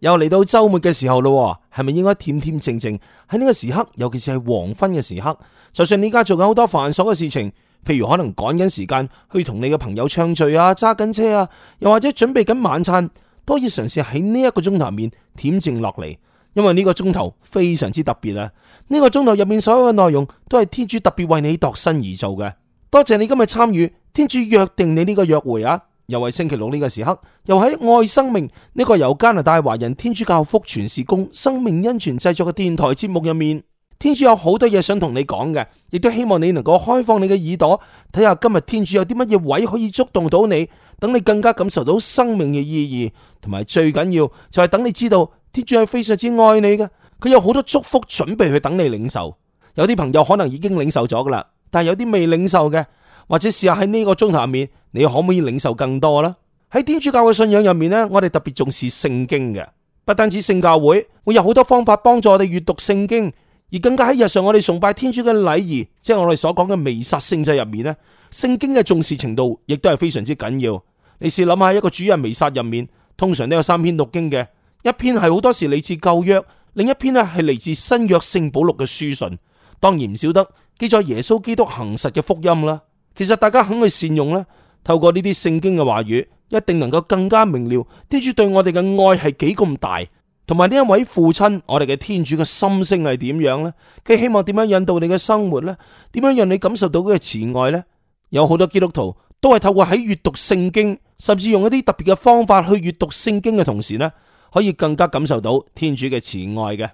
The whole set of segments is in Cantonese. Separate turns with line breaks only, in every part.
又嚟到周末嘅時候咯，係咪應該恬恬靜靜喺呢個時刻，尤其是係黃昏嘅時刻？就算你而家做緊好多繁瑣嘅事情，譬如可能趕緊時間去同你嘅朋友暢聚啊，揸緊車啊，又或者準備緊晚餐，都要嘗試喺呢一個鐘頭入面恬靜落嚟，因為呢個鐘頭非常之特別啊！呢個鐘頭入面所有嘅內容都係天主特別為你度身而做嘅。多謝你今日參與，天主約定你呢個約會啊！又係星期六呢個時刻，又喺愛生命呢個由加拿大華人天主教福傳事工生命恩泉製作嘅電台節目入面，天主有好多嘢想同你講嘅，亦都希望你能夠開放你嘅耳朵，睇下今日天主有啲乜嘢位可以觸動到你，等你更加感受到生命嘅意義，同埋最緊要就係等你知道天主係非常之愛你嘅，佢有好多祝福準備去等你領受。有啲朋友可能已經領受咗噶啦，但係有啲未領受嘅，或者試下喺呢個鐘頭入面。你可唔可以領受更多啦？喺天主教嘅信仰入面呢，我哋特別重視聖經嘅，不單止聖教會會有好多方法幫助我哋閱讀聖經，而更加喺日常我哋崇拜天主嘅禮儀，即係我哋所講嘅彌撒聖祭入面呢，聖經嘅重視程度亦都係非常之緊要。你試諗下，一個主日彌撒入面，通常都有三篇讀經嘅，一篇係好多時嚟自舊約，另一篇係係嚟自新約聖保祿嘅書信，當然唔少得記載耶穌基督行實嘅福音啦。其實大家肯去善用呢。透過呢啲聖經嘅話語，一定能夠更加明了天主對我哋嘅愛係幾咁大，同埋呢一位父親我哋嘅天主嘅心聲係點樣呢？佢希望點樣引導你嘅生活呢？點樣讓你感受到佢嘅慈愛呢？有好多基督徒都係透過喺閱讀聖經，甚至用一啲特別嘅方法去閱讀聖經嘅同時呢，可以更加感受到天主嘅慈愛嘅。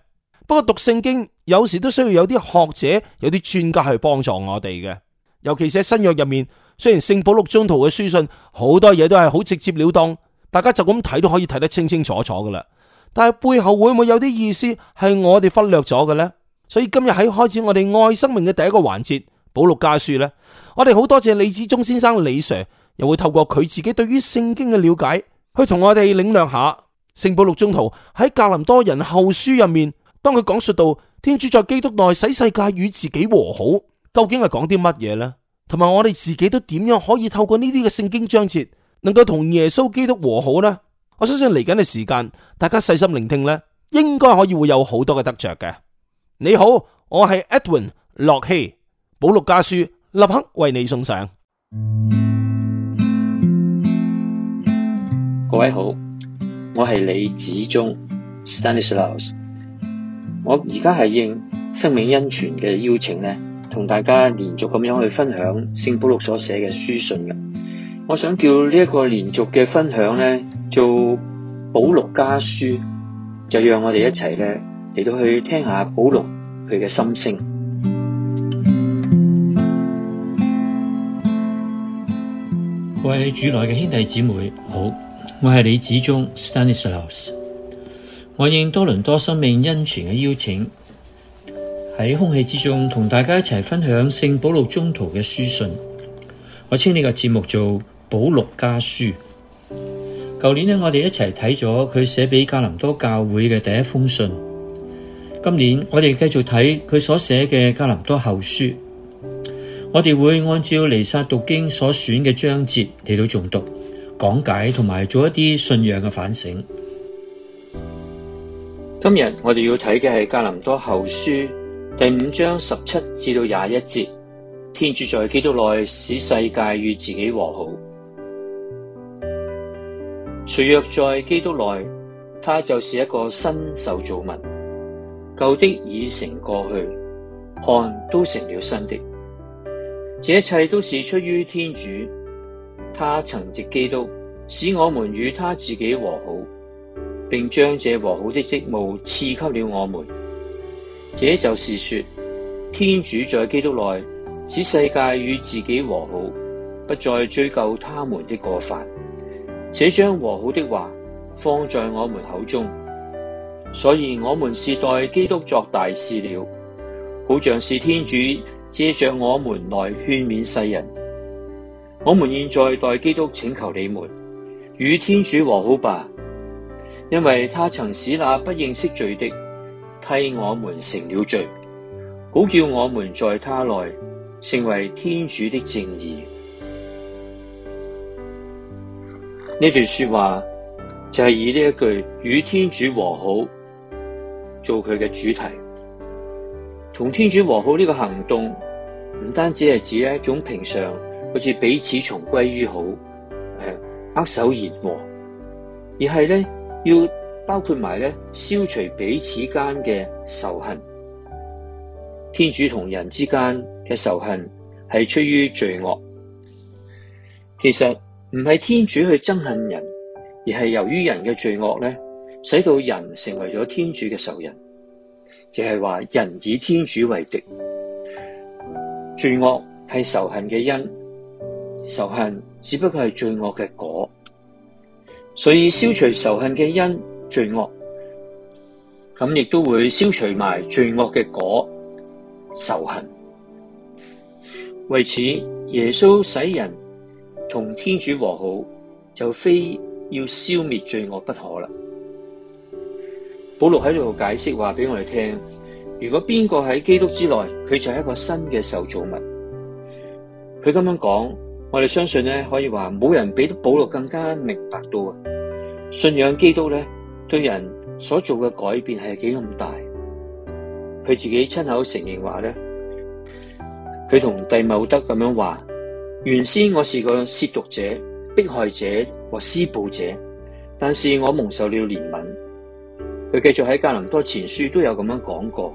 不過讀聖經有時都需要有啲學者、有啲專家去幫助我哋嘅，尤其是喺新約入面。雖然，聖保祿宗徒嘅書信好多嘢都係好直接了當，大家就咁睇都可以睇得清清楚楚噶啦。但係背後會唔會有啲意思係我哋忽略咗嘅呢？所以今日喺開始我哋愛生命嘅第一個環節，保祿家書呢，我哋好多謝李子忠先生李 Sir，又會透過佢自己對於聖經嘅了解，去同我哋領略下聖保祿宗徒喺格林多人後書入面，當佢講述到天主在基督內使世界與自己和好，究竟係講啲乜嘢呢？同埋我哋自己都點樣可以透過呢啲嘅聖經章節，能夠同耶穌基督和好呢？我相信嚟緊嘅時間，大家細心聆聽咧，應該可以會有好多嘅得着嘅。你好，我係 Edwin 洛希，保祿家書，立刻為你送上。各位好，我係
李子忠 Stanislaus，我而家係應生命恩泉嘅邀請咧。同大家連續咁樣去分享聖保祿所寫嘅書信嘅，我想叫呢一個連續嘅分享咧，做保祿家書，就讓我哋一齊咧嚟到去聽下保祿佢嘅心聲。我係主內嘅兄弟姊妹，好，我係李子忠 Stanislaus，我應多倫多生命恩泉嘅邀請。喺空氣之中，同大家一齊分享聖保祿中途嘅書信。我稱呢個節目做《保祿家書》。舊年呢，我哋一齊睇咗佢寫俾格林多教會嘅第一封信。今年我哋繼續睇佢所寫嘅格林多後書。我哋會按照彌撒讀經所選嘅章節嚟到誦讀、講解，同埋做一啲信仰嘅反省。今日我哋要睇嘅係格林多後書。第五章十七至到廿一節，天主在基督內使世界與自己和好。誰若在基督內，他就是一個新受造物；舊的已成過去，看都成了新的。這一切都是出於天主，他曾藉基督使我們與他自己和好，並將這和好的職務賜給了我們。這就是說，天主在基督內使世界與自己和好，不再追究他們的過犯，且將和好的話放在我們口中。所以，我們是代基督作大使了，好像是天主借着我們來勸勉世人。我們現在代基督請求你們，與天主和好吧，因為他曾使那不認識罪的。替我們成了罪，好叫我們在他內成為天主的正義。呢段說話就係以呢一句與天主和好做佢嘅主題。同天主和好呢個行動，唔單止係指一種平常好似彼此重歸於好，呃、握手言和，而係咧要。包括埋咧，消除彼此間嘅仇恨。天主同人之間嘅仇恨係出於罪惡。其實唔係天主去憎恨人，而係由於人嘅罪惡咧，使到人成為咗天主嘅仇人。就係話人以天主為敵，罪惡係仇恨嘅因，仇恨只不過係罪惡嘅果。所以消除仇恨嘅因，罪惡，咁亦都會消除埋罪惡嘅果仇恨。為此，耶穌使人同天主和好，就非要消滅罪惡不可啦。保祿喺度解釋話俾我哋聽：如果邊個喺基督之內，佢就係一個新嘅受造物。佢咁樣講，我哋相信咧，可以話冇人比得保祿更加明白到啊！信仰基督咧。對人所做嘅改變係幾咁大？佢自己親口承認話咧，佢同弟茂德咁樣話：原先我是個褻瀆者、迫害者和施暴者，但是我蒙受了憐憫。佢繼續喺格林多前書都有咁樣講過，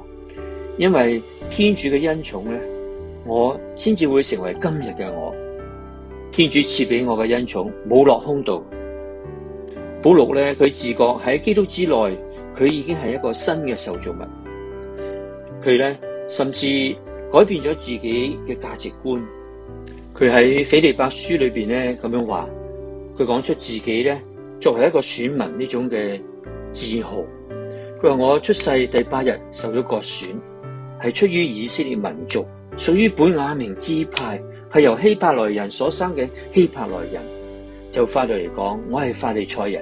因為天主嘅恩寵咧，我先至會成為今日嘅我。天主賜俾我嘅恩寵，冇落空度。保禄咧，佢自覺喺基督之內，佢已經係一個新嘅受造物。佢咧甚至改變咗自己嘅價值觀。佢喺菲利伯書裏邊咧咁樣話，佢講出自己咧作為一個選民呢種嘅自豪。佢話我出世第八日受咗割損，係出於以色列民族，屬於本雅明支派，係由希伯來人所生嘅希伯來人。就法律嚟講，我係法利賽人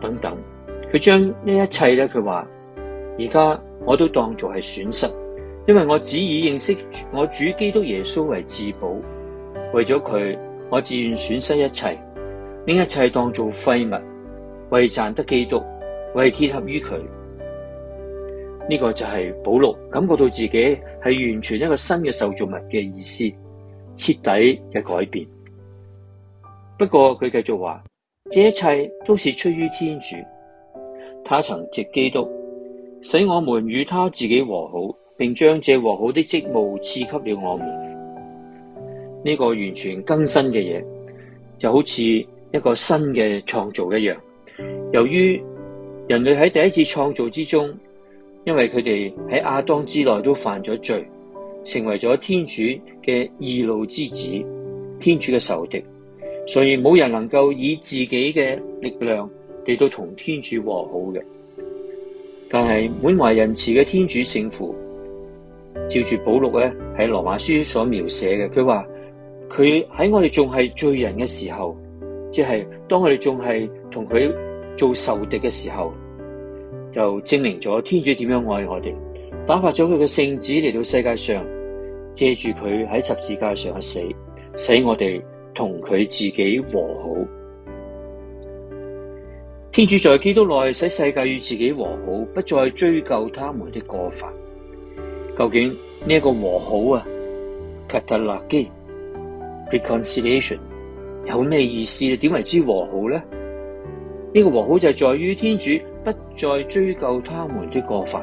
等等，佢將呢一切咧，佢話而家我都當做係損失，因為我只以認識我主基督耶穌為至寶，為咗佢，我自願損失一切，呢一切當做廢物，為賺得基督，為結合於佢，呢、這個就係保祿感覺到自己係完全一個新嘅受造物嘅意思，徹底嘅改變。不過佢繼續話，這一切都是出於天主，他曾藉基督使我們與他自己和好，並將這和好的職務賜給了我們。呢個完全更新嘅嘢，就好似一個新嘅創造一樣。由於人類喺第一次創造之中，因為佢哋喺亞當之內都犯咗罪，成為咗天主嘅義怒之子，天主嘅仇敵。所以冇人能夠以自己嘅力量嚟到同天主和好嘅，但係滿懷仁慈嘅天主聖父，照住保祿咧喺羅馬書所描寫嘅，佢話佢喺我哋仲係罪人嘅時候，即係當我哋仲係同佢做仇敵嘅時候，就證明咗天主點樣愛我哋，打發咗佢嘅聖子嚟到世界上，借住佢喺十字架上嘅死，使我哋。同佢自己和好，天主在基督內使世界與自己和好，不再追究他們的過犯，究竟呢個和好啊 catalagie reconciliation 有咩意思咧？點為之和好咧？呢、呢個和好就係在於天主不再追究他們的過犯，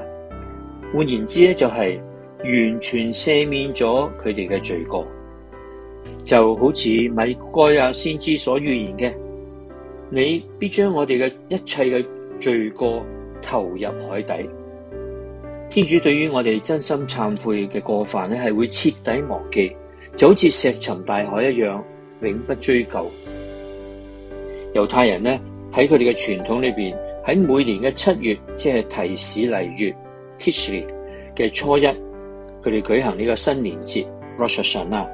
換言之咧，就係完全赦免咗佢哋嘅罪過。就好似米該亞先知所預言嘅，你必將我哋嘅一切嘅罪過投入海底。天主對於我哋真心懺悔嘅過犯咧，係會徹底忘記，就好似石沉大海一樣，永不追究。猶太人咧，喺佢哋嘅傳統裏邊，喺每年嘅七月，即係提斯黎月 （Tishri） 嘅初一，佢哋舉行呢個新年節 Rosh Hashanah 啦。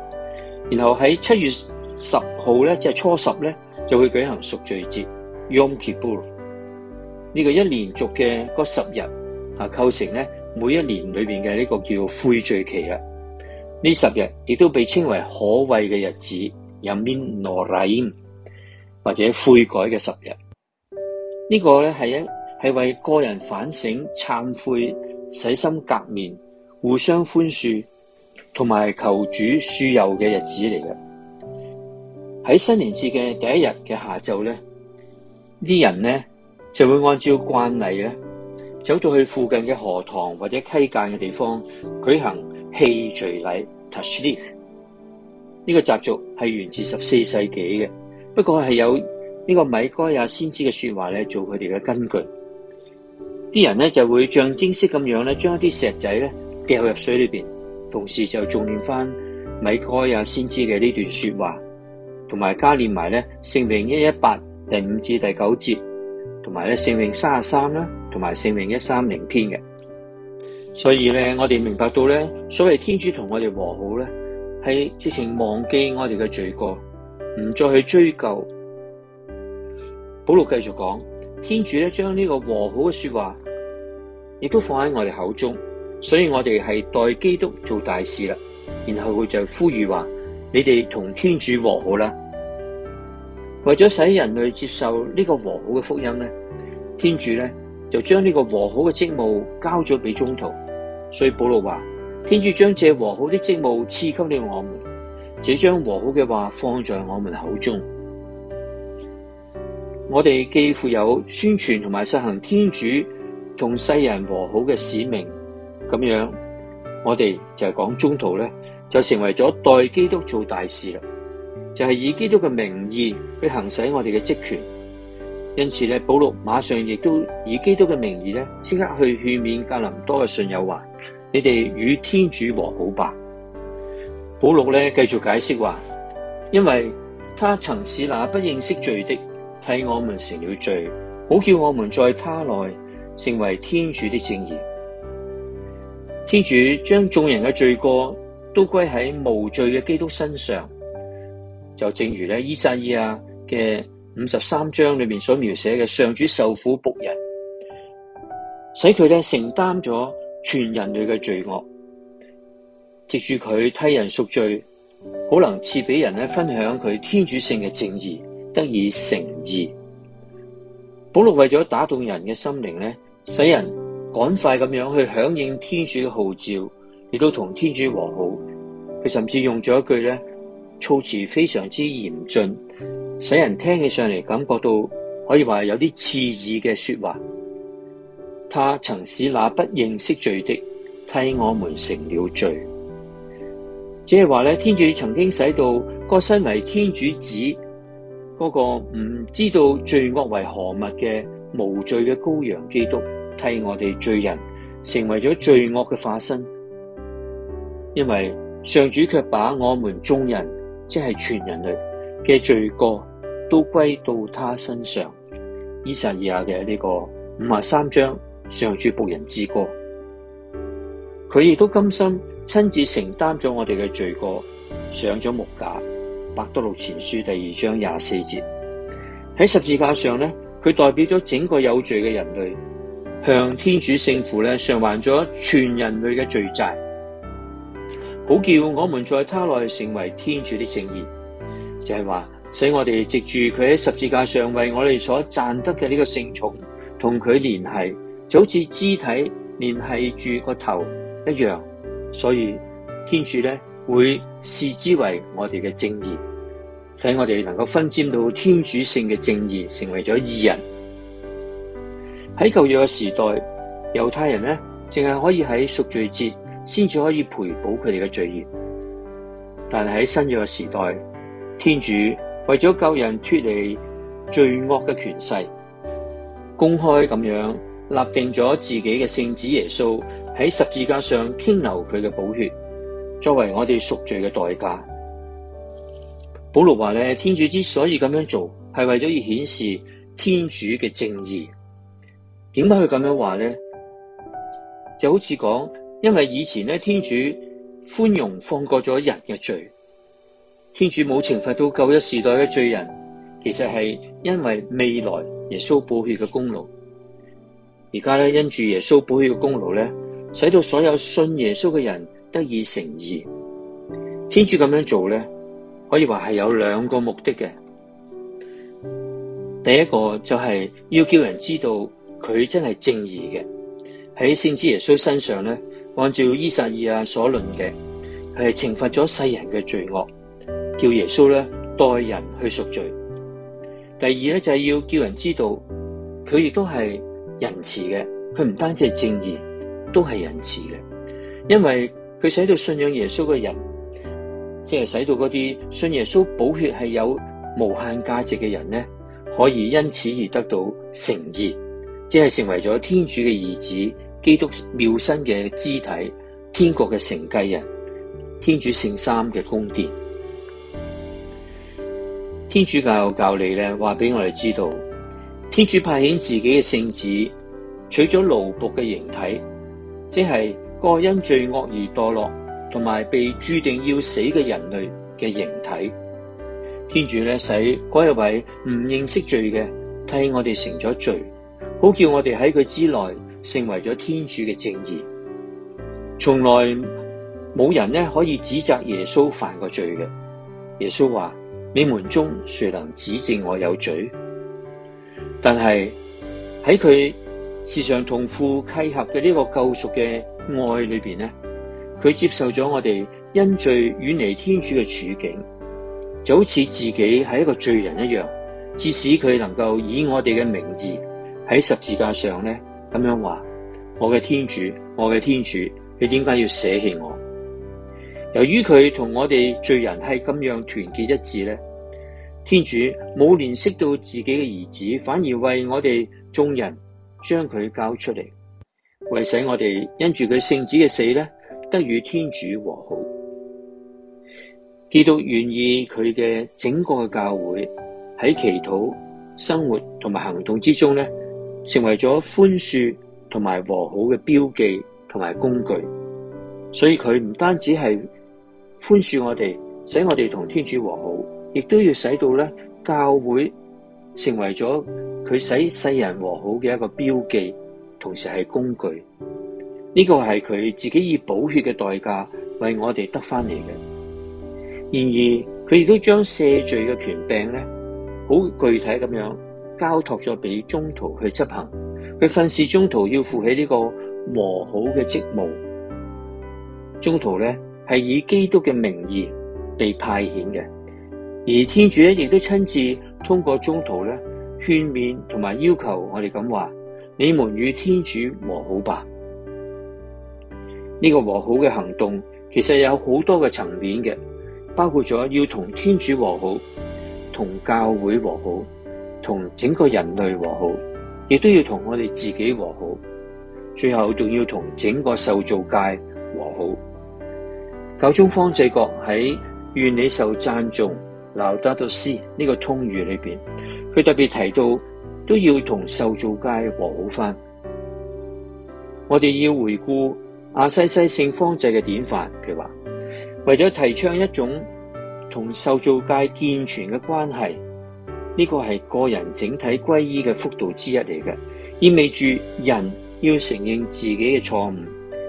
然後喺七月十號咧，即係初十咧，就會舉行贖罪節 （Yom Kippur）。呢、這個一連續嘅嗰十日啊，構成咧每一年裏邊嘅呢個叫悔罪期啦。呢十日亦都被稱為可畏嘅日子 （Yom、no、h 或者悔改嘅十日。這個、呢個咧係一係為個人反省、懺悔、洗心革面、互相寬恕。同埋求主恕宥嘅日子嚟嘅，喺新年節嘅第一日嘅下晝咧，啲人咧就會按照慣例咧，走到去附近嘅河塘或者溪澗嘅地方舉行棄錘禮。呢個習俗係源自十四世紀嘅，不過係有呢個米哥亞先知嘅說話咧做佢哋嘅根據。啲人咧就會象徵式咁樣咧，將一啲石仔咧掉入水裏邊。同時就重念翻米該亞先知嘅呢段說話，同埋加練埋咧聖命一一八第五至第九節，同埋咧聖命三十三啦，同埋聖命一三零篇嘅。所以咧，我哋明白到咧，所謂天主同我哋和好咧，係之前忘記我哋嘅罪過，唔再去追究。保禄繼續講，天主咧將呢個和好嘅說話，亦都放喺我哋口中。所以我哋係代基督做大事啦，然後佢就呼籲話：你哋同天主和好啦。為咗使人類接受呢個和好嘅福音咧，天主咧就將呢個和好嘅職務交咗俾宗徒。所以保羅話：天主將這和好的職務賜給了我們，這將和好嘅話放在我們口中。我哋既負有宣傳同埋實行天主同世人和好嘅使命。咁樣，我哋就係講中途咧，就成為咗代基督做大使啦，就係、是、以基督嘅名義去行使我哋嘅職權。因此咧，保祿馬上亦都以基督嘅名義咧，即刻去勸勉格林多嘅信友話：你哋與天主和好吧。保祿咧繼續解釋話：因為他曾使那不認識罪的，替我們成了罪，好叫我們在他內成為天主的正義。天主將眾人嘅罪過都歸喺無罪嘅基督身上，就正如咧《依撒意亞》嘅五十三章裏面所描寫嘅上主受苦僕人，使佢咧承擔咗全人類嘅罪惡，藉住佢替人贖罪，好能賜俾人咧分享佢天主性嘅正義，得以成義。保祿為咗打動人嘅心靈咧，使人。趕快咁樣去響應天主嘅號召，亦都同天主和好。佢甚至用咗一句咧，措辭非常之嚴峻，使人聽起上嚟，感覺到可以話有啲刺耳嘅說話。他曾使那不認識罪的替我們成了罪，即係話咧，天主曾經使到嗰身為天主子嗰個唔知道罪惡為何物嘅無罪嘅羔羊基督。替我哋罪人成為咗罪惡嘅化身，因為上主卻把我們眾人，即係全人類嘅罪過都歸到他身上。依撒意亞嘅呢個五十三章，上主僕人之歌，佢亦都甘心親自承擔咗我哋嘅罪過，上咗木架。伯多祿前書第二章廿四節，喺十字架上咧，佢代表咗整個有罪嘅人類。向天主聖父咧償還咗全人類嘅罪債，好叫我們在他內成為天主的正義，就係話使我哋藉住佢喺十字架上為我哋所賺得嘅呢個聖寵，同佢聯繫就好似肢體聯繫住個頭一樣，所以天主咧會視之為我哋嘅正義，使我哋能夠分沾到天主性嘅正義，成為咗二人。喺舊約嘅時代，猶太人咧淨係可以喺贖罪節先至可以賠補佢哋嘅罪孽。但係喺新約嘅時代，天主為咗救人脱離罪惡嘅權勢，公開咁樣立定咗自己嘅聖子耶穌喺十字架上傾流佢嘅寶血，作為我哋贖罪嘅代價。保羅話咧，天主之所以咁樣做，係為咗要顯示天主嘅正義。點解佢咁樣話咧？就好似講，因為以前咧，天主寬容放過咗人嘅罪，天主冇懲罰到舊一時代嘅罪人，其實係因為未來耶穌寶血嘅功勞。而家咧，因住耶穌寶血嘅功勞咧，使到所有信耶穌嘅人得以成義。天主咁樣做咧，可以話係有兩個目的嘅。第一個就係要叫人知道。佢真係正義嘅，喺先知耶穌身上咧，按照伊撒意啊所論嘅，係懲罰咗世人嘅罪惡，叫耶穌咧代人去贖罪。第二咧就係要叫人知道佢亦都係仁慈嘅，佢唔單止係正義，都係仁慈嘅，因為佢使到信仰耶穌嘅人，即係使到嗰啲信耶穌寶血係有無限價值嘅人咧，可以因此而得到成義。即係成為咗天主嘅兒子，基督妙身嘅肢體，天國嘅承繼人，天主聖三嘅宮殿。天主教教理咧話俾我哋知道，天主派遣自己嘅聖子，取咗奴僕嘅形體，即係個因罪惡而墮落，同埋被注定要死嘅人類嘅形體。天主咧使嗰一位唔認識罪嘅，替我哋成咗罪。好叫我哋喺佢之內成為咗天主嘅正義，從來冇人咧可以指責耶穌犯過罪嘅。耶穌話：你們中誰能指證我有罪？但係喺佢時常同父契合嘅呢個救贖嘅愛裏邊咧，佢接受咗我哋因罪遠離天主嘅處境，就好似自己係一個罪人一樣，致使佢能夠以我哋嘅名義。喺十字架上咧，咁樣話：我嘅天主，我嘅天主，你點解要捨棄我？由於佢同我哋罪人係咁樣團結一致咧，天主冇憐惜到自己嘅兒子，反而為我哋眾人將佢交出嚟，為使我哋因住佢聖子嘅死咧，得與天主和好。基督願意佢嘅整個嘅教會喺祈禱、生活同埋行動之中咧。成為咗寬恕同埋和好嘅標記同埋工具，所以佢唔單止係寬恕我哋，使我哋同天主和好，亦都要使到咧教會成為咗佢使世人和好嘅一個標記，同時係工具。呢個係佢自己以寶血嘅代價為我哋得返嚟嘅。然而，佢亦都將赦罪嘅權柄咧，好具體咁樣，交託咗俾宗徒去執行，佢訓示宗徒要負起呢個和好嘅職務。宗徒咧係以基督嘅名義被派遣嘅，而天主咧亦都親自通過宗徒咧勸勉同埋要求我哋咁話：你們與天主和好吧。呢、這個和好嘅行動其實有好多嘅層面嘅，包括咗要同天主和好，同教會和好。同整個人類和好，亦都要同我哋自己和好，最後仲要同整個受造界和好。教宗方濟各喺願你受讚頌、勞得到斯呢個通諭裏邊，佢特別提到都要同受造界和好返。我哋要回顧亞西西聖方濟嘅典範，佢話為咗提倡一種同受造界健全嘅關係。呢個係個人整體歸依嘅幅度之一嚟嘅，意味住人要承認自己嘅錯誤、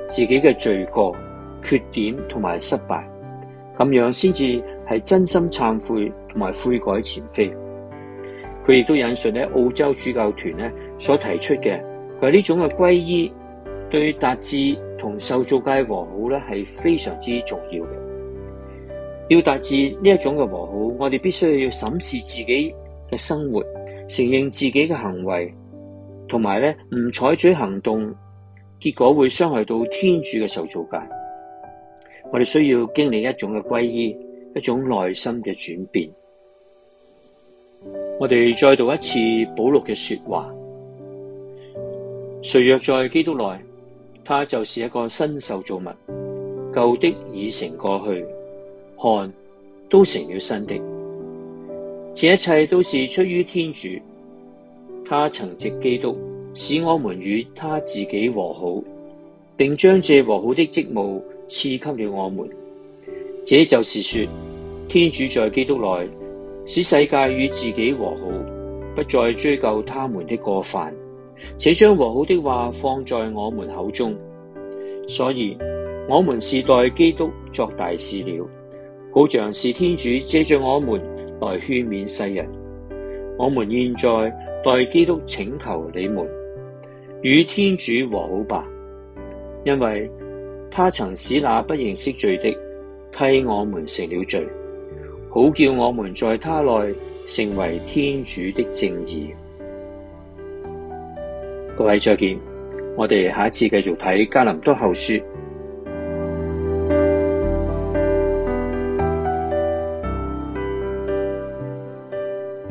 自己嘅罪過、缺點同埋失敗，咁樣先至係真心懺悔同埋悔改前非。佢亦都引述喺澳洲主教團咧所提出嘅，佢呢種嘅歸依對達至同受造界和好咧係非常之重要嘅。要達至呢一種嘅和好，我哋必須要審視自己。嘅生活，承認自己嘅行為，同埋咧唔採取行動，結果會傷害到天主嘅受造界。我哋需要經歷一種嘅皈依，一種內心嘅轉變。我哋再讀一次保祿嘅說話：誰若在基督內，他就是一個新受造物，舊的已成過去，看都成了新的。這一切都是出於天主，他曾藉基督使我們與他自己和好，並將這和好的職務賜給了我們。這就是說，天主在基督內使世界與自己和好，不再追究他們的過犯，且將和好的話放在我們口中。所以，我們是代基督作大事了，好像是天主借着我們。來勸勉世人。我們現在代基督請求你們與天主和好吧，因為他曾使那不認識罪的替我們成了罪，好叫我們在他內成為天主的正義。各位再見，我哋下一次繼續睇《加林多後書》。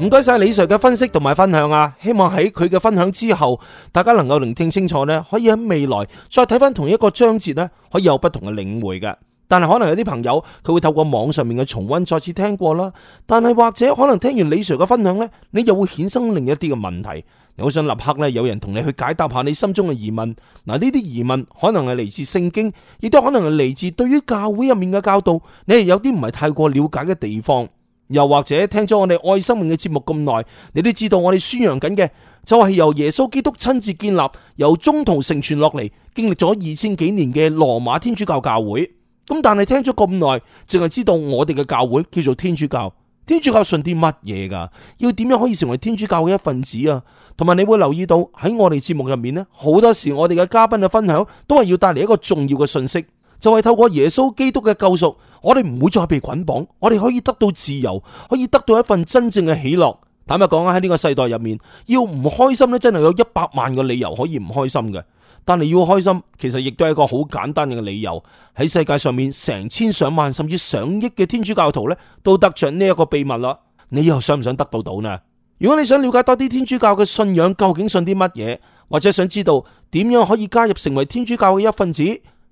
唔該晒李 Sir 嘅分析同埋分享啊！希望喺佢嘅分享之後，大家能夠聆聽清楚呢，可以喺未來再睇翻同一個章節呢，可以有不同嘅領會嘅。但係可能有啲朋友佢會透過網上面嘅重溫再次聽過啦。但係或者可能聽完李 Sir 嘅分享呢，你又會衍生另一啲嘅問題。你好想立刻咧有人同你去解答下你心中嘅疑問。嗱，呢啲疑問可能係嚟自聖經，亦都可能係嚟自對於教會入面嘅教導，你係有啲唔係太過了解嘅地方。又或者聽咗我哋愛生命嘅節目咁耐，你都知道我哋宣揚緊嘅就係由耶穌基督親自建立，由中途承傳落嚟，經歷咗二千幾年嘅羅馬天主教教會。咁但係聽咗咁耐，淨係知道我哋嘅教會叫做天主教。天主教信啲乜嘢噶？要點樣可以成為天主教嘅一份子啊？同埋你會留意到喺我哋節目入面呢，好多時我哋嘅嘉賓嘅分享都係要帶嚟一個重要嘅信息。就係透過耶穌基督嘅救贖，我哋唔會再被捆綁，我哋可以得到自由，可以得到一份真正嘅喜樂。坦白講啊，喺呢個世代入面，要唔開心呢，真係有一百萬個理由可以唔開心嘅。但係要開心，其實亦都係一個好簡單嘅理由。喺世界上面，成千上萬甚至上億嘅天主教徒呢，都得着呢一個秘密啦。你又想唔想得到到呢？如果你想了解多啲天主教嘅信仰究竟信啲乜嘢，或者想知道點樣可以加入成為天主教嘅一份子，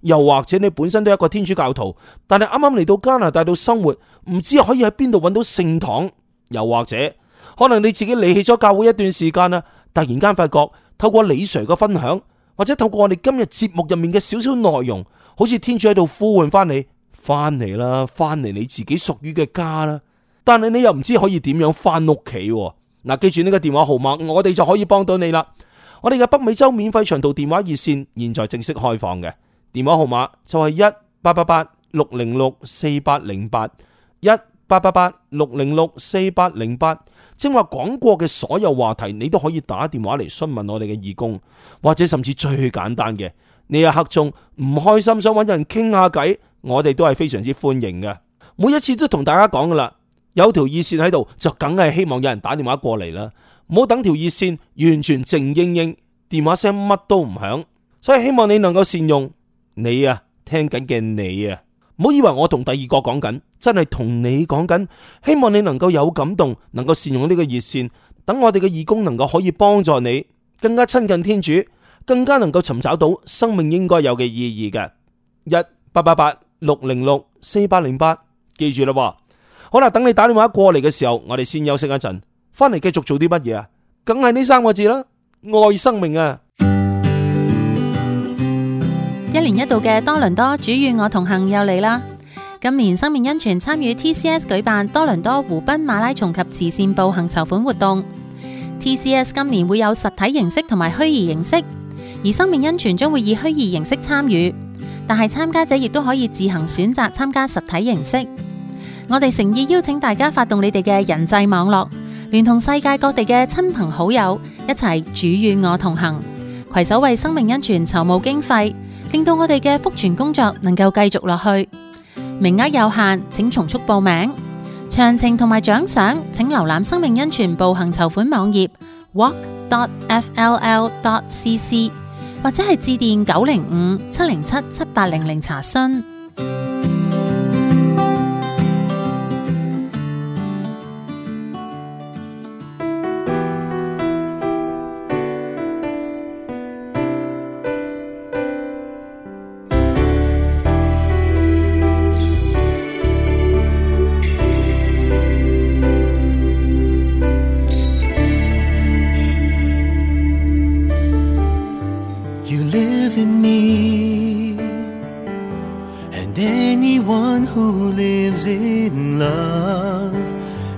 又或者你本身都係一個天主教徒，但係啱啱嚟到加拿大度生活，唔知可以喺邊度揾到聖堂？又或者可能你自己離棄咗教會一段時間啦，突然間發覺透過李 Sir 嘅分享，或者透過我哋今日節目入面嘅少少內容，好似天主喺度呼喚翻你，翻嚟啦，翻嚟你自己屬於嘅家啦。但係你又唔知可以點樣翻屋企嗱，記住呢個電話號碼，我哋就可以幫到你啦。我哋嘅北美洲免費長途電話熱線現在正式開放嘅。電話號碼就係一八八八六零六四八零八一八八八六零六四八零八。正話講過嘅所有話題，你都可以打電話嚟詢問我哋嘅義工，或者甚至最簡單嘅，你有黑中唔開心，想揾人傾下偈，我哋都係非常之歡迎嘅。每一次都同大家講噶啦，有條熱線喺度，就梗係希望有人打電話過嚟啦。唔好等條熱線完全靜應應，電話聲乜都唔響，所以希望你能夠善用。你啊，聽緊嘅你啊，唔好以為我同第二個講緊，真係同你講緊，希望你能夠有感動，能夠善用呢個熱線，等我哋嘅義工能夠可以幫助你，更加親近天主，更加能夠尋找到生命應該有嘅意義嘅。一八八八六零六四八零八，8，記住啦，喎。好啦，等你打電話過嚟嘅時候，我哋先休息一陣，翻嚟繼續做啲乜嘢啊？梗係呢三個字啦，愛生命啊！
一年一度嘅多倫多主與我同行又嚟啦。今年生命恩泉參與 TCS 舉辦多倫多湖濱馬拉松及慈善步行籌款活動。TCS 今年會有實體形式同埋虛擬形式，而生命恩泉將會以虛擬形式參與，但係參加者亦都可以自行選擇參加實體形式。我哋誠意邀請大家發動你哋嘅人際網絡，聯同世界各地嘅親朋好友一齊主與我同行，攜手為生命恩泉籌募經費。令到我哋嘅福傳工作能夠繼續落去，名額有限，請從速報名。詳情同埋獎賞，請瀏覽生命恩泉步行籌款網頁 walk dot fll dot cc 或者係致電九零五七零七七八零零查詢。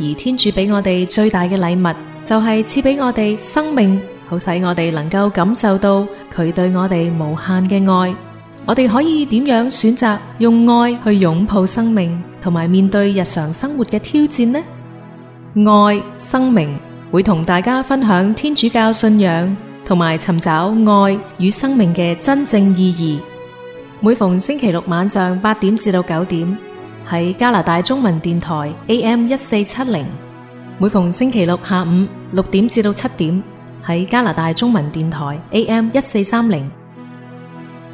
而天主俾我哋最大嘅禮物，就係賜俾我哋生命，好使我哋能夠感受到佢對我哋無限嘅愛。我哋可以點樣選擇用愛去擁抱生命，同埋面對日常生活嘅挑戰呢？愛、生命會同大家分享天主教信仰，同埋尋找愛與生命嘅真正意義。每逢星期六晚上八點至到九點。喺加拿大中文電台 AM 一四七零，每逢星期六下午六點至到七點，喺加拿大中文電台 AM 一四三零。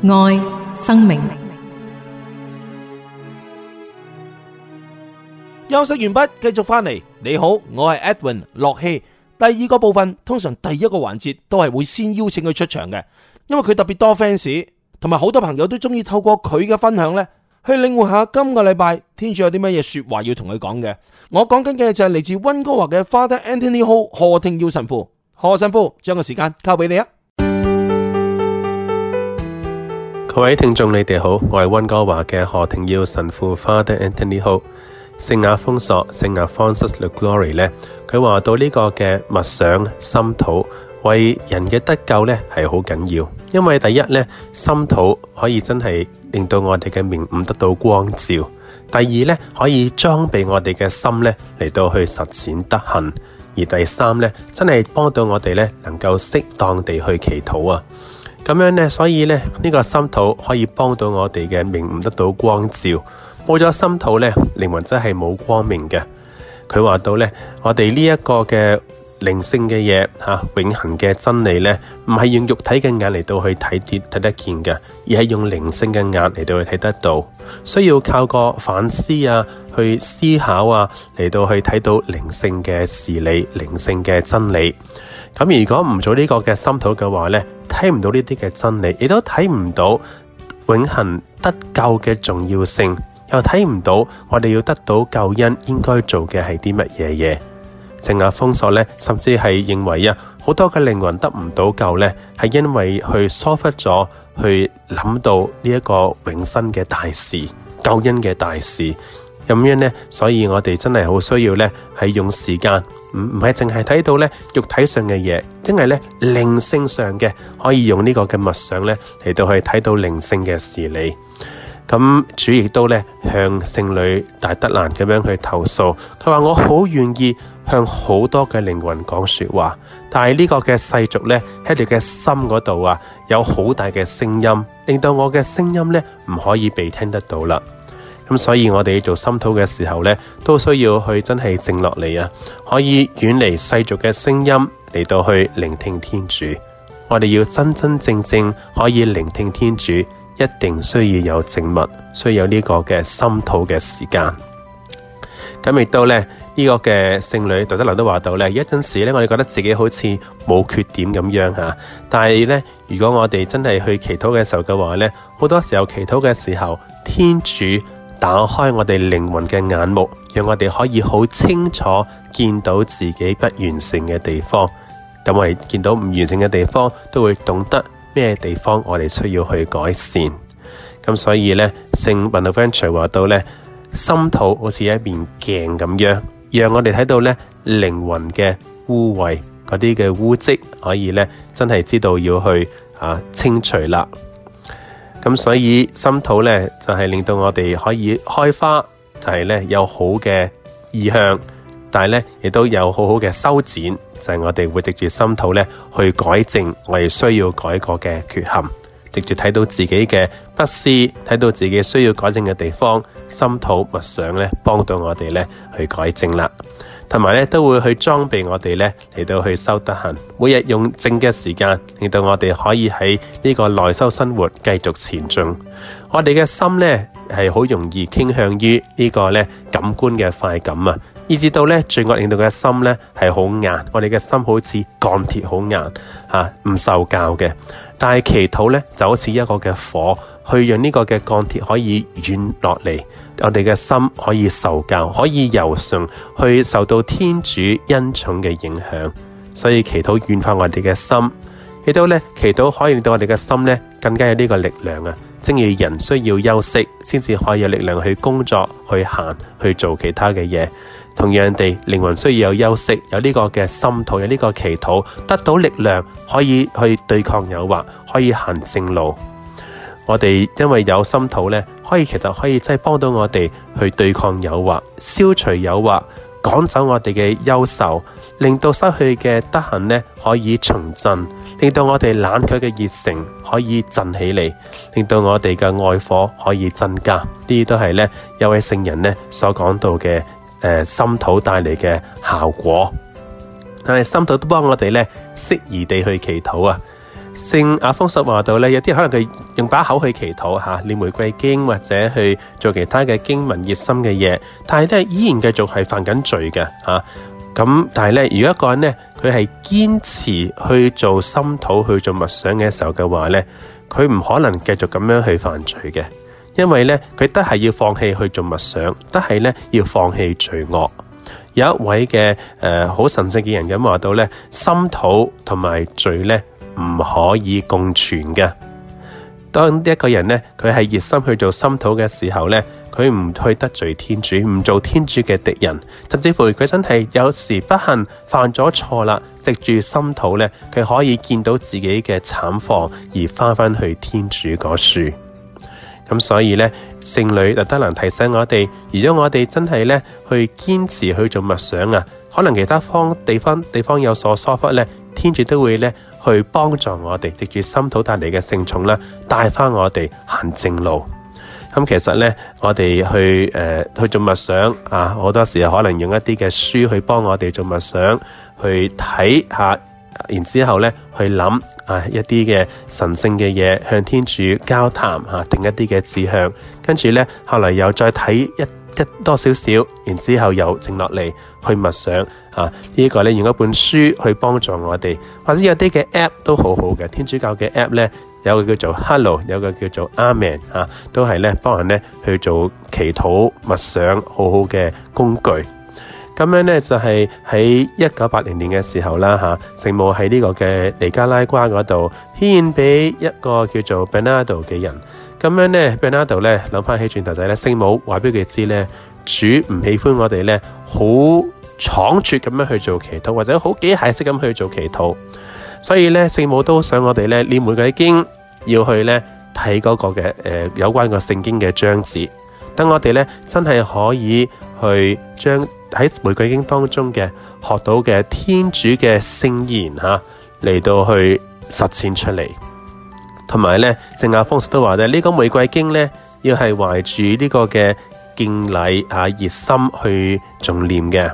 愛生命
休息完畢，繼續翻嚟。你好，我係 Edwin 樂希。第二個部分通常第一個環節都係會先邀請佢出場嘅，因為佢特別多 fans，同埋好多朋友都中意透過佢嘅分享呢。去領會下今個禮拜天主有啲乜嘢說話要同佢講嘅。我講緊嘅就係嚟自溫哥華嘅 Father Anthony Ho 何廷耀神父。何神父將個時間交俾你啊！
各位聽眾，你哋好，我係溫哥華嘅何廷耀神父，Father Anthony Ho 聖亞封鎖聖亞方失略 Glory 咧。佢話到呢個嘅默想心土。為人嘅得救呢係好緊要，因為第一呢，心土可以真係令到我哋嘅明悟得到光照；第二呢，可以裝備我哋嘅心呢嚟到去實踐德行；而第三呢，真係幫到我哋呢能夠適當地去祈禱啊！咁樣呢，所以呢，呢、這個心土可以幫到我哋嘅明悟得到光照。冇咗心土呢，靈魂真係冇光明嘅。佢話到呢，我哋呢一個嘅。靈性嘅嘢，吓、啊、永恆嘅真理咧，唔係用肉體嘅眼嚟到去睇啲睇得見嘅，而係用靈性嘅眼嚟到去睇得到。需要靠個反思啊，去思考啊，嚟到去睇到靈性嘅事理、靈性嘅真理。咁如果唔做這個呢個嘅心禱嘅話咧，睇唔到呢啲嘅真理，亦都睇唔到永恆得救嘅重要性，又睇唔到我哋要得到救恩應該做嘅係啲乜嘢嘢。靜壓封鎖咧，甚至係認為啊，好多嘅靈魂得唔到救咧，係因為去疏忽咗去諗到呢一個永生嘅大事、救恩嘅大事。咁樣咧，所以我哋真係好需要咧，係用時間唔唔係淨係睇到咧肉體上嘅嘢，因為咧靈性上嘅可以用這個呢個嘅物相咧嚟到去睇到靈性嘅事理。咁主亦都咧向聖女大德蘭咁樣去投訴，佢話我好願意。向好多嘅靈魂講說話，但係呢個嘅世俗呢，喺你嘅心嗰度啊，有好大嘅聲音，令到我嘅聲音呢唔可以被聽得到啦。咁所以我哋做心禱嘅時候呢，都需要去真係靜落嚟啊，可以遠離世俗嘅聲音嚟到去聆聽天主。我哋要真真正正可以聆聽天主，一定需要有靜默，需要呢個嘅心禱嘅時間。咁亦都咧呢、呢個嘅聖女道德劉都話到咧，有一陣時咧，我哋覺得自己好似冇缺點咁樣。但係咧，如果我哋真係去祈禱嘅時候嘅話咧，好多時候祈禱嘅時候，天主打開我哋靈魂嘅眼目，讓我哋可以好清楚見到自己不完成嘅地方。咁我哋見到唔完成嘅地方，都會懂得咩地方我哋需要去改善。咁所以咧，聖 Vincent 話到咧。心土，好似一面鏡咁樣，讓我哋睇到咧靈魂嘅污穢、嗰啲嘅污漬，可以咧真係知道要去啊清除啦。咁所以心土咧就係、是、令到我哋可以開花，就係、是、咧有好嘅意向，但係咧亦都有好好嘅修剪，就係、是、我哋會藉住心土咧去改正我哋需要改過嘅缺陷，藉住睇到自己嘅不是，睇到自己需要改正嘅地方。心土勿想咧，幫到我哋咧去改正啦，同埋咧都會去裝備我哋咧嚟到去修德行，每日用靜嘅時間，令到我哋可以喺呢個內修生活繼續前進。我哋嘅心咧係好容易傾向於呢個咧感官嘅快感啊，以至到咧罪惡令到嘅心咧係好硬，我哋嘅心好似鋼鐵好硬啊，唔受教嘅。但係祈禱咧，就好似一個嘅火，去讓呢個嘅鋼鐵可以軟落嚟，我哋嘅心可以受教，可以柔順去受到天主恩寵嘅影響。所以祈禱軟化我哋嘅心，亦都咧祈禱可以令到我哋嘅心咧更加有呢個力量啊。正如人需要休息，先至可以有力量去工作、去行、去做其他嘅嘢。同樣地，靈魂需要有休息，有呢個嘅心土，有呢個祈禱，得到力量可以去對抗誘惑，可以行正路。我哋因為有心土呢可以其實可以即係幫到我哋去對抗誘惑，消除誘惑，趕走我哋嘅憂愁，令到失去嘅德行呢可以重振，令到我哋冷卻嘅熱誠可以振起嚟，令到我哋嘅愛火可以增加。呢啲都係呢有位聖人呢所講到嘅。誒、呃，心禱帶嚟嘅效果，但係心禱都幫我哋咧，適宜地去祈禱啊。聖阿方實話到咧，有啲可能佢用把口去祈禱吓，念、啊、玫瑰經或者去做其他嘅經文熱心嘅嘢，但係依然繼續係犯緊罪嘅吓。咁、啊、但係咧，如果一個人咧，佢係堅持去做心禱、去做默想嘅時候嘅話咧，佢唔可能繼續咁樣去犯罪嘅。因為咧，佢都係要放棄去做物想，都係咧要放棄罪惡。有一位嘅誒好神聖嘅人咁話到咧，心土同埋罪咧唔可以共存嘅。當一個人咧，佢係熱心去做心土嘅時候咧，佢唔去得罪天主，唔做天主嘅敵人。甚至乎佢真係有時不幸犯咗錯啦，藉住心土咧，佢可以見到自己嘅慘況而翻翻去天主嗰處。咁所以咧，聖女就得能提醒我哋，如果我哋真係咧去堅持去做默想啊，可能其他方地方地方有所疏忽咧，天主都會咧去幫助我哋，藉住心土帶嚟嘅聖寵啦，帶翻我哋行正路。咁其實咧，我哋去誒、呃、去做默想啊，好多時候可能用一啲嘅書去幫我哋做默想，去睇下。然之後咧，去諗啊一啲嘅神聖嘅嘢，向天主交談吓，定一啲嘅志向。跟住咧，後來又再睇一一多少少，然之後又靜落嚟去默想啊。呢、這個咧用一本書去幫助我哋，或者有啲嘅 app 都好好嘅。天主教嘅 app 咧，有個叫做 Hello，有個叫做 Amen 吓，都係咧幫人咧去做祈禱默想，好好嘅工具。咁樣咧就係喺一九八零年嘅時候啦吓，聖母喺呢個嘅尼加拉瓜嗰度，獻俾一個叫做 Bernardo 嘅人。咁樣咧，Bernardo 咧諗翻起轉頭仔咧，聖母話俾佢知咧，主唔喜歡我哋咧，好闖拙咁樣去做祈禱，或者好機械式咁去做祈禱。所以咧，聖母都想我哋咧念完已經，要去咧睇嗰個嘅、呃、有關個聖經嘅章節。等我哋咧，真係可以去將喺玫瑰經當中嘅學到嘅天主嘅聖言嚟、啊、到去實踐出嚟，同埋咧聖亞峰都話咧呢、呢個玫瑰經咧要係懷住呢個嘅敬禮嚇、啊、熱心去仲念嘅，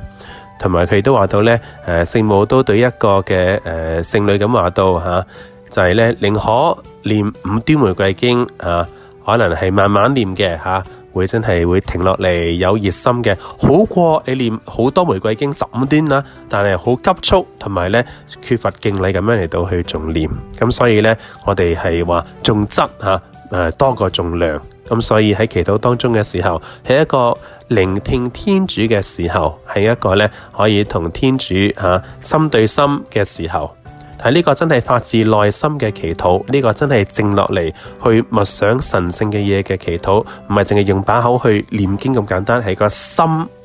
同埋佢都話到咧、啊、聖母都對一個嘅、啊、聖女咁話到、啊、就係、係、咧寧可念五端玫瑰經、啊、可能係慢慢念嘅會真係會停落嚟有熱心嘅，好過你念好多玫瑰經十五端啦，但係好急促，同埋呢缺乏敬禮咁樣嚟到去重念。咁所以呢，我哋係話重質、啊呃、多過重量。咁所以喺祈禱當中嘅時候，係一個聆聽天主嘅時候，係一個呢可以同天主、啊、心對心嘅時候。喺呢個真係發自內心嘅祈禱，呢個真係靜落嚟去默想神聖嘅嘢嘅祈禱，唔係淨係用把口去念經咁簡單，係個心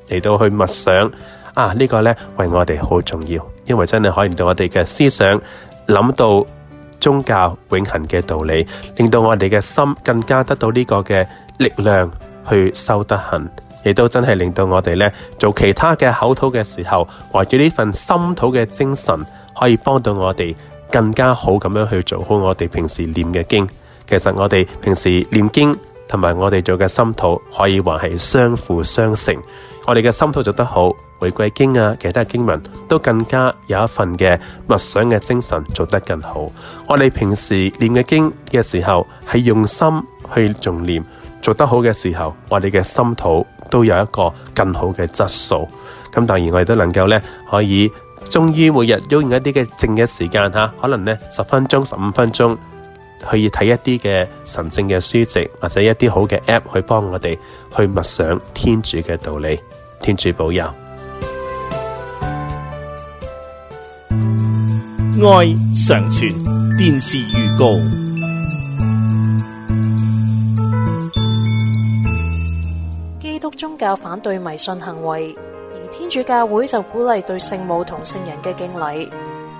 嚟到去默想。啊，呢個呢，為我哋好重要，因為真係可以令到我哋嘅思想諗到宗教永恆嘅道理，令到我哋嘅心更加得到呢個嘅力量去修德行，亦都真係令到我哋呢，做其他嘅口禱嘅時候，懷住呢份心禱嘅精神。可以幫到我哋更加好咁樣去做好我哋平時念嘅經。其實我哋平時念經同埋我哋做嘅心禱，可以話係相輔相成。我哋嘅心禱做得好，玫瑰經啊，其他經文都更加有一份嘅默想嘅精神，做得更好。我哋平時念嘅經嘅時候係用心去誦念，做得好嘅時候，我哋嘅心禱都有一個更好嘅質素。咁當然我哋都能夠呢可以。終於每日用一啲嘅靜嘅時間吓，可能呢十分鐘、十五分鐘，去以睇一啲嘅神聖嘅書籍，或者一啲好嘅 app 去幫我哋去默想天主嘅道理。天主保佑。
愛常存。電視預告。
基督宗教反對迷信行為。天主教會就鼓勵對聖母同聖人嘅敬禮。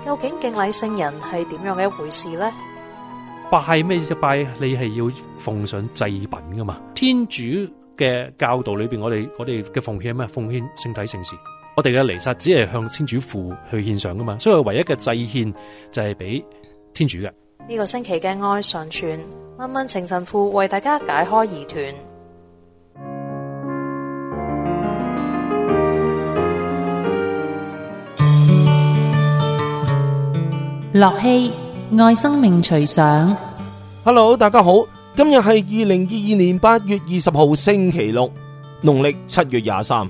究竟敬禮聖人係點樣嘅一回事呢？
拜咩意思？拜你係要奉上祭品噶嘛？天主嘅教導裏邊，我哋我哋嘅奉獻係咩？奉獻聖體聖事。我哋嘅彌撒只係向天主父去獻上噶嘛？所以唯一嘅祭獻就係俾天主嘅。
呢個星期嘅愛上傳，蚊蚊情神父為大家解開疑團。樂器愛生命隨
想，Hello，大家好，今日係二零二二年八月二十號星期六，農曆七月廿三。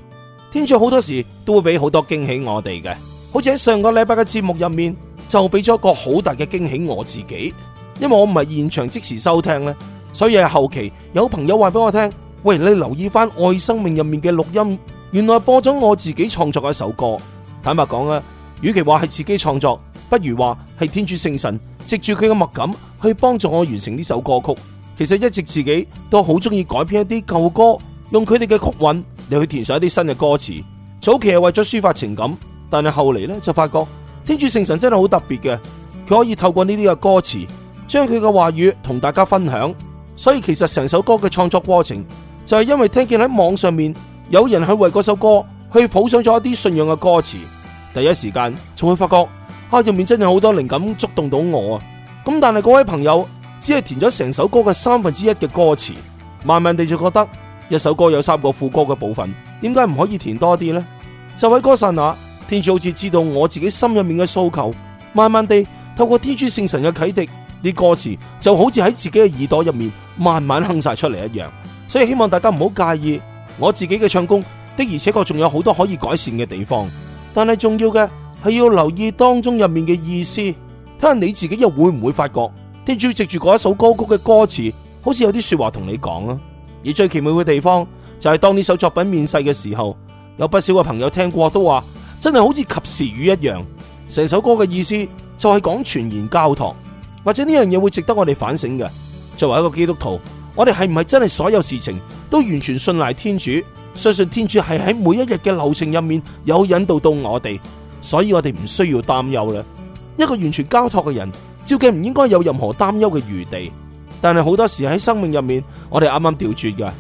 天主好多時都會俾好多驚喜我哋嘅，好似喺上個禮拜嘅節目入面就俾咗一個好大嘅驚喜我自己，因為我唔係現場即時收聽呢，所以係後期有朋友話俾我聽，喂，你留意翻愛生命入面嘅錄音，原來播咗我自己創作嘅一首歌。坦白講啊，與其話係自己創作。不如話係天主聖神藉住佢嘅默感去幫助我完成呢首歌曲。其實一直自己都好中意改編一啲舊歌，用佢哋嘅曲韻嚟去填上一啲新嘅歌詞。早期係為咗抒發情感，但係後嚟呢，就發覺天主聖神真係好特別嘅，佢可以透過呢啲嘅歌詞，將佢嘅話語同大家分享。所以其實成首歌嘅創作過程，就係因為聽見喺網上面有人去為嗰首歌去補上咗一啲信仰嘅歌詞，第一時間就會發覺。啊！入面真係有好多靈感觸動到我啊！咁但係各位朋友只係填咗成首歌嘅三分之一嘅歌詞，慢慢地就覺得一首歌有三個副歌嘅部分，點解唔可以填多啲呢？就喺嗰剎那，天主好似知道我自己心入面嘅訴求，慢慢地透過天主聖神嘅啟迪，啲歌詞就好似喺自己嘅耳朵入面慢慢哼晒出嚟一樣。所以希望大家唔好介意我自己嘅唱功，的而且確仲有好多可以改善嘅地方，但係重要嘅。係要留意當中入面嘅意思，睇下你自己又會唔會發覺天主藉住嗰一首歌曲嘅歌詞，好似有啲說話同你講啊。而最奇妙嘅地方就係、是、當呢首作品面世嘅時候，有不少嘅朋友聽過都話，真係好似及時雨一樣。成首歌嘅意思就係講全然交託，或者呢樣嘢會值得我哋反省嘅。作為一個基督徒，我哋係唔係真係所有事情都完全信賴天主，相信天主係喺每一日嘅流程入面有引導到我哋？所以我哋唔需要擔憂啦。一個完全交託嘅人，照計唔應該有任何擔憂嘅餘地。但係好多時喺生命入面，我哋啱啱調轉嘅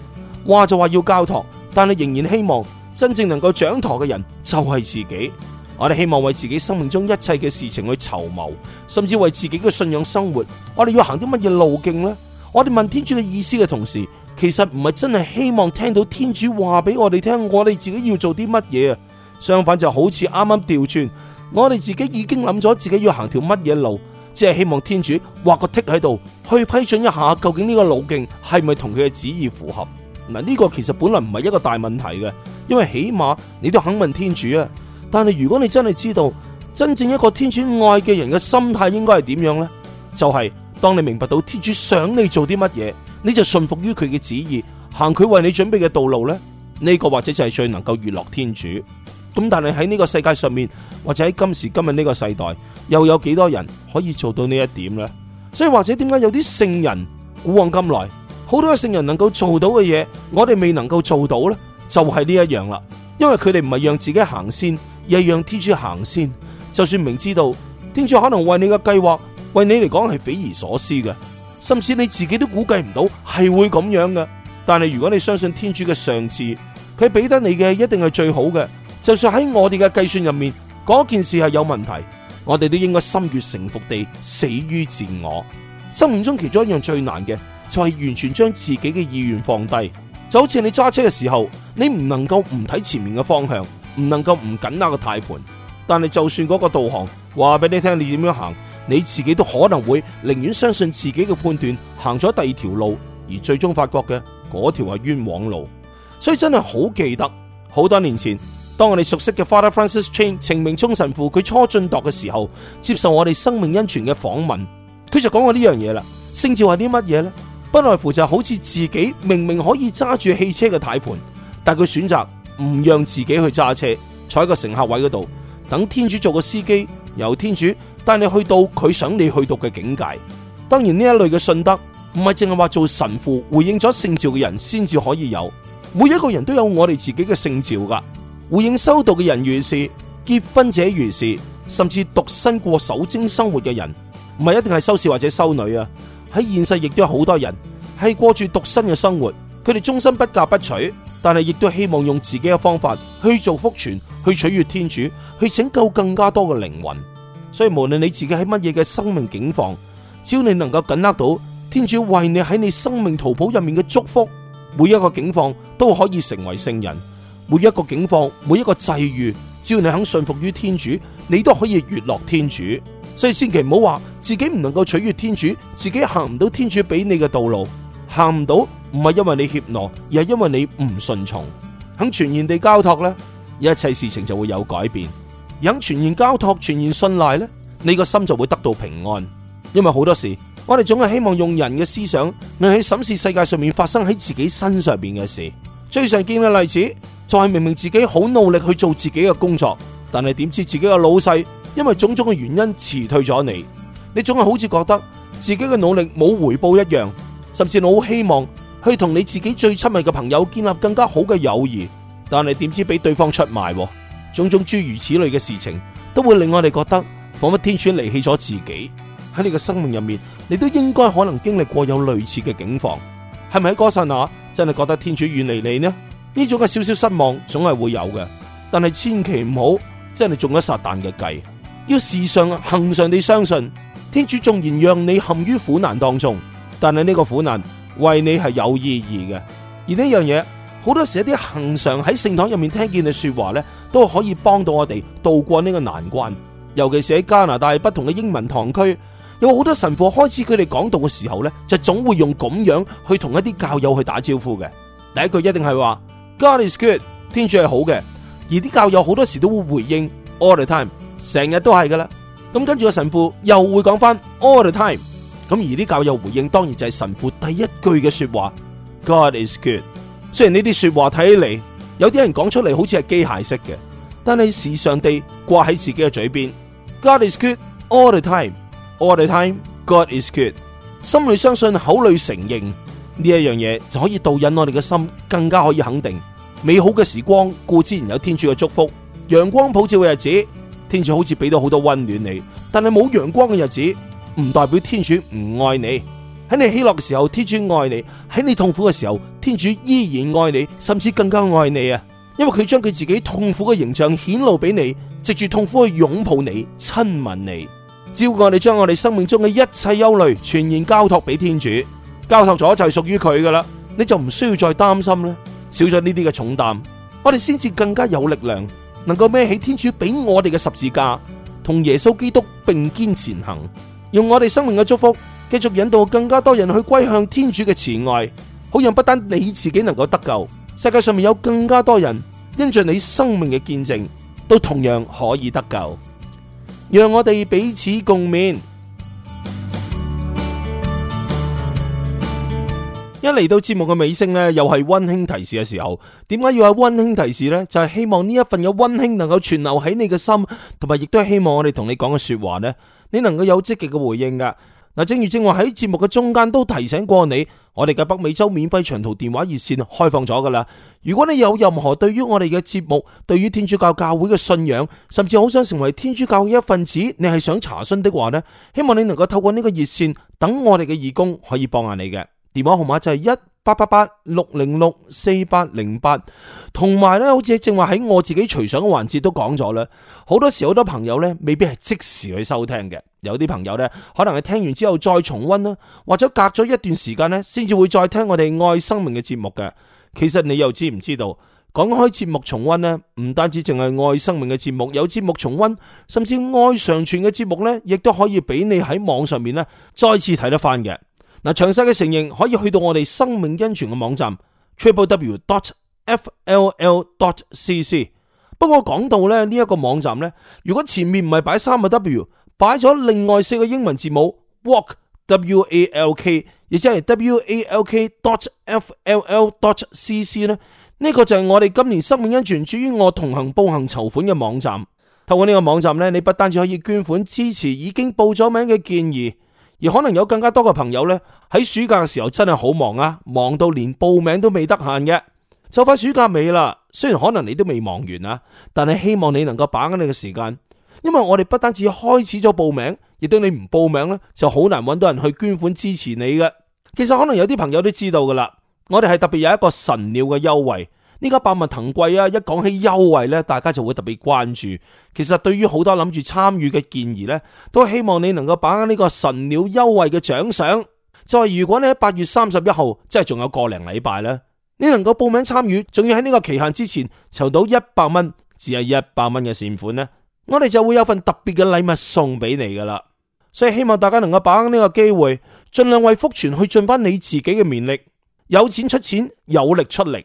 話就話要交託，但係仍然希望真正能夠掌舵嘅人就係自己。我哋希望為自己生命中一切嘅事情去籌謀，甚至為自己嘅信仰生活，我哋要行啲乜嘢路徑呢？我哋問天主嘅意思嘅同時，其實唔係真係希望聽到天主話俾我哋聽，我哋自己要做啲乜嘢啊？相反就好似啱啱調轉，我哋自己已經諗咗自己要行條乜嘢路，只係希望天主畫個剔喺度去批准一下，究竟呢個路徑係咪同佢嘅旨意符合嗱？呢、呢個其實本來唔係一個大問題嘅，因為起碼你都肯問天主啊。但係如果你真係知道真正一個天主愛嘅人嘅心態應該係點樣呢？就係、是、當你明白到天主想你做啲乜嘢，你就順服於佢嘅旨意，行佢為你準備嘅道路呢。呢、呢個或者就係最能夠悅樂天主。咁但係喺呢個世界上面，或者喺今時今日呢個世代，又有幾多人可以做到呢一點呢？所以或者點解有啲聖人古往今來，好多聖人能夠做到嘅嘢，我哋未能夠做到呢？就係呢一樣啦。因為佢哋唔係讓自己行先，而係讓天主行先、先。就算明知道天主可能為你嘅計劃，為你嚟講係匪夷所思嘅，甚至你自己都估計唔到係會咁樣嘅。但係如果你相信天主嘅上智，佢俾得你嘅一定係最好嘅。就算喺我哋嘅計算入面，嗰件事係有問題，我哋都應該心悅誠服地死於自我。生命中其中一樣最難嘅就係、是、完全將自己嘅意願放低，就好似你揸車嘅時候，你唔能夠唔睇前面嘅方向，唔能夠唔緊握個軚盤。但係就算嗰個導航話俾你聽你點樣行，你自己都可能會寧願相信自己嘅判斷，行咗第二條路，而最終發覺嘅嗰條係冤枉路。所以真係好記得好多年前。當我哋熟悉嘅 Father Francis Chan 程明聰神父，佢初進鐸嘅時候，接受我哋生命恩泉嘅訪問，佢就講過呢樣嘢啦。聖召係啲乜嘢呢？不外乎就好似自己明明可以揸住汽車嘅軚盤，但佢選擇唔讓自己去揸車，坐喺個乘客位嗰度，等天主做個司機，由天主帶你去到佢想你去到嘅境界。當然呢一類嘅信德唔係淨係話做神父回應咗聖召嘅人先至可以有，每一個人都有我哋自己嘅聖召噶。回應修道嘅人如是，結婚者如是，甚至獨身過守貞生活嘅人，唔係一定係修士或者修女啊。喺現世亦都有好多人係過住獨身嘅生活，佢哋終身不嫁不娶，但係亦都希望用自己嘅方法去做福傳，去取悦天主，去拯救更加多嘅靈魂。所以無論你自己喺乜嘢嘅生命境況，只要你能夠緊握到天主為你喺你生命圖譜入面嘅祝福，每一個境況都可以成為聖人。每一個境況，每一個際遇，只要你肯信服於天主，你都可以悅樂天主。所以千祈唔好話自己唔能夠取悅天主，自己行唔到天主俾你嘅道路，行唔到唔係因為你怯懦，而係因為你唔順從，肯全然地交託呢，一切事情就會有改變。而肯全然交託，全然信賴呢，你個心就會得到平安。因為好多時，我哋總係希望用人嘅思想能喺審視世界上面發生喺自己身上邊嘅事。最常見嘅例子。就係明明自己好努力去做自己嘅工作，但係點知自己嘅老細因為種種嘅原因辭退咗你，你總係好似覺得自己嘅努力冇回報一樣，甚至我好希望去同你自己最親密嘅朋友建立更加好嘅友誼，但係點知俾對方出賣，種種諸如此類嘅事情都會令我哋覺得仿佛天主離棄咗自己。喺你嘅生命入面，你都應該可能經歷過有類似嘅境況，係咪喺嗰剎那真係覺得天主遠離你呢？呢種嘅少少失望總係會有嘅，但係千祈唔好，真係中咗撒旦嘅計。要時常恆常地相信，天主縱然讓你陷於苦難當中，但係呢個苦難為你係有意義嘅。而呢樣嘢，好多時一啲恆常喺聖堂入面聽見嘅說話呢，都可以幫到我哋渡過呢個難關。尤其是喺加拿大不同嘅英文堂區，有好多神父開始佢哋講道嘅時候呢，就總會用咁樣去同一啲教友去打招呼嘅。第一句一定係話。God is good，天主係好嘅，而啲教友好多時都會回應 all the time，成日都係噶啦。咁跟住個神父又會講翻 all the time，咁而啲教友回應當然就係神父第一句嘅說話。God is good，雖然呢啲說話睇起嚟有啲人講出嚟好似係機械式嘅，但係時常地掛喺自己嘅嘴邊。God is good all the time，all the time God is good，心裏相信，口裏承認。呢一樣嘢就可以導引我哋嘅心，更加可以肯定美好嘅時光固之然有天主嘅祝福，陽光普照嘅日子，天主好似俾到好多溫暖你。但係冇陽光嘅日子，唔代表天主唔愛你。喺你喜樂嘅時候，天主愛你；喺你痛苦嘅時候，天主依然愛你，甚至更加愛你啊！因為佢將佢自己痛苦嘅形象顯露俾你，藉住痛苦去擁抱你、親吻你。只要我哋將我哋生命中嘅一切憂慮全然交託俾天主。交投咗就係屬於佢噶啦，你就唔需要再擔心咧，少咗呢啲嘅重擔，我哋先至更加有力量，能夠孭起天主俾我哋嘅十字架，同耶穌基督並肩前行，用我哋生命嘅祝福，繼續引導更加多人去歸向天主嘅慈愛，好讓不單你自己能夠得救，世界上面有更加多人因着你生命嘅見證，都同樣可以得救，讓我哋彼此共勉。一嚟到節目嘅尾聲呢，又係溫馨提示嘅時候。點解要係溫馨提示呢？就係希望呢一份嘅溫馨能夠存留喺你嘅心，同埋亦都係希望我哋同你講嘅說話呢，你能夠有積極嘅回應噶。嗱，正如正話喺節目嘅中間都提醒過你，我哋嘅北美洲免費長途電話熱線開放咗噶啦。如果你有任何對於我哋嘅節目，對於天主教教會嘅信仰，甚至好想成為天主教嘅一份子，你係想查詢的話呢，希望你能夠透過呢個熱線，等我哋嘅義工可以幫下你嘅。電話號碼就係一八八八六零六四八零八，同埋咧，好似正話喺我自己隨想嘅環節都講咗啦。好多時好多朋友咧，未必係即時去收聽嘅，有啲朋友咧，可能係聽完之後再重温啦，或者隔咗一段時間咧，先至會再聽我哋愛生命嘅節目嘅。其實你又知唔知道？講開節目重温咧，唔單止淨係愛生命嘅節目有節目重温，甚至愛上傳嘅節目咧，亦都可以俾你喺網上面咧再次睇得返嘅。嗱，詳細嘅承認可以去到我哋生命恩泉嘅網站 triple w dot f l l dot c c。不過講到咧呢一個網站呢，如果前面唔係擺三個 W，擺咗另外四個英文字母 walk，w a l k，亦即係 w a l k dot f l l dot c c 咧，呢個就係我哋今年生命恩泉主于我同行步行籌款嘅網站。透過呢個網站呢，你不單止可以捐款支持已經報咗名嘅建議。而可能有更加多嘅朋友咧，喺暑假嘅時候真係好忙啊，忙到連報名都未得閒嘅，就快暑假尾啦。雖然可能你都未忙完啊，但係希望你能夠把握你嘅時間，因為我哋不單止開始咗報名，亦都你唔報名咧，就好難揾到人去捐款支持你嘅。其實可能有啲朋友都知道噶啦，我哋係特別有一個神鳥嘅優惠。呢個百物騰貴啊！一講起優惠咧，大家就會特別關注。其實對於好多諗住參與嘅建議咧，都希望你能夠把握呢個神鳥優惠嘅獎賞。就係、是、如果你喺八月三十一號，即係仲有個零禮拜咧，你能夠報名參與，仲要喺呢個期限之前籌到一百蚊，只係一百蚊嘅善款咧，我哋就會有份特別嘅禮物送俾你噶啦。所以希望大家能夠把握呢個機會，盡量為福泉去盡翻你自己嘅綿力，有錢出錢，有力出力。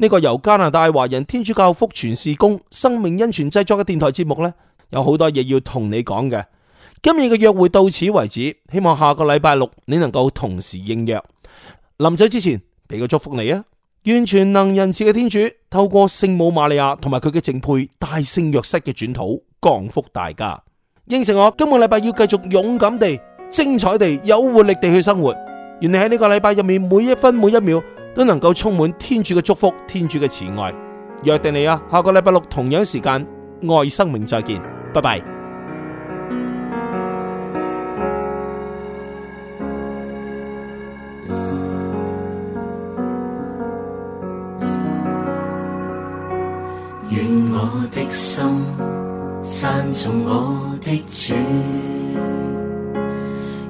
呢個由加拿大華人天主教福傳事工生命恩泉製作嘅電台節目呢，有好多嘢要同你講嘅。今日嘅約會到此為止，希望下個禮拜六你能夠同時應約。臨走之前，俾個祝福你啊！願全能仁慈嘅天主透過聖母瑪利亞同埋佢嘅正配大聖若瑟嘅轉禱，降福大家。應承我，今個禮拜要繼續勇敢地、精彩地、有活力地去生活。願你喺呢個禮拜入面每一分每一秒，都能夠充滿天主嘅祝福、天主嘅慈愛。約定你啊，下個禮拜六同樣時間，愛生命再見，拜拜。
願我的心讚頌我的主。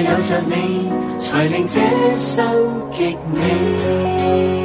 有着你，才令這生極美。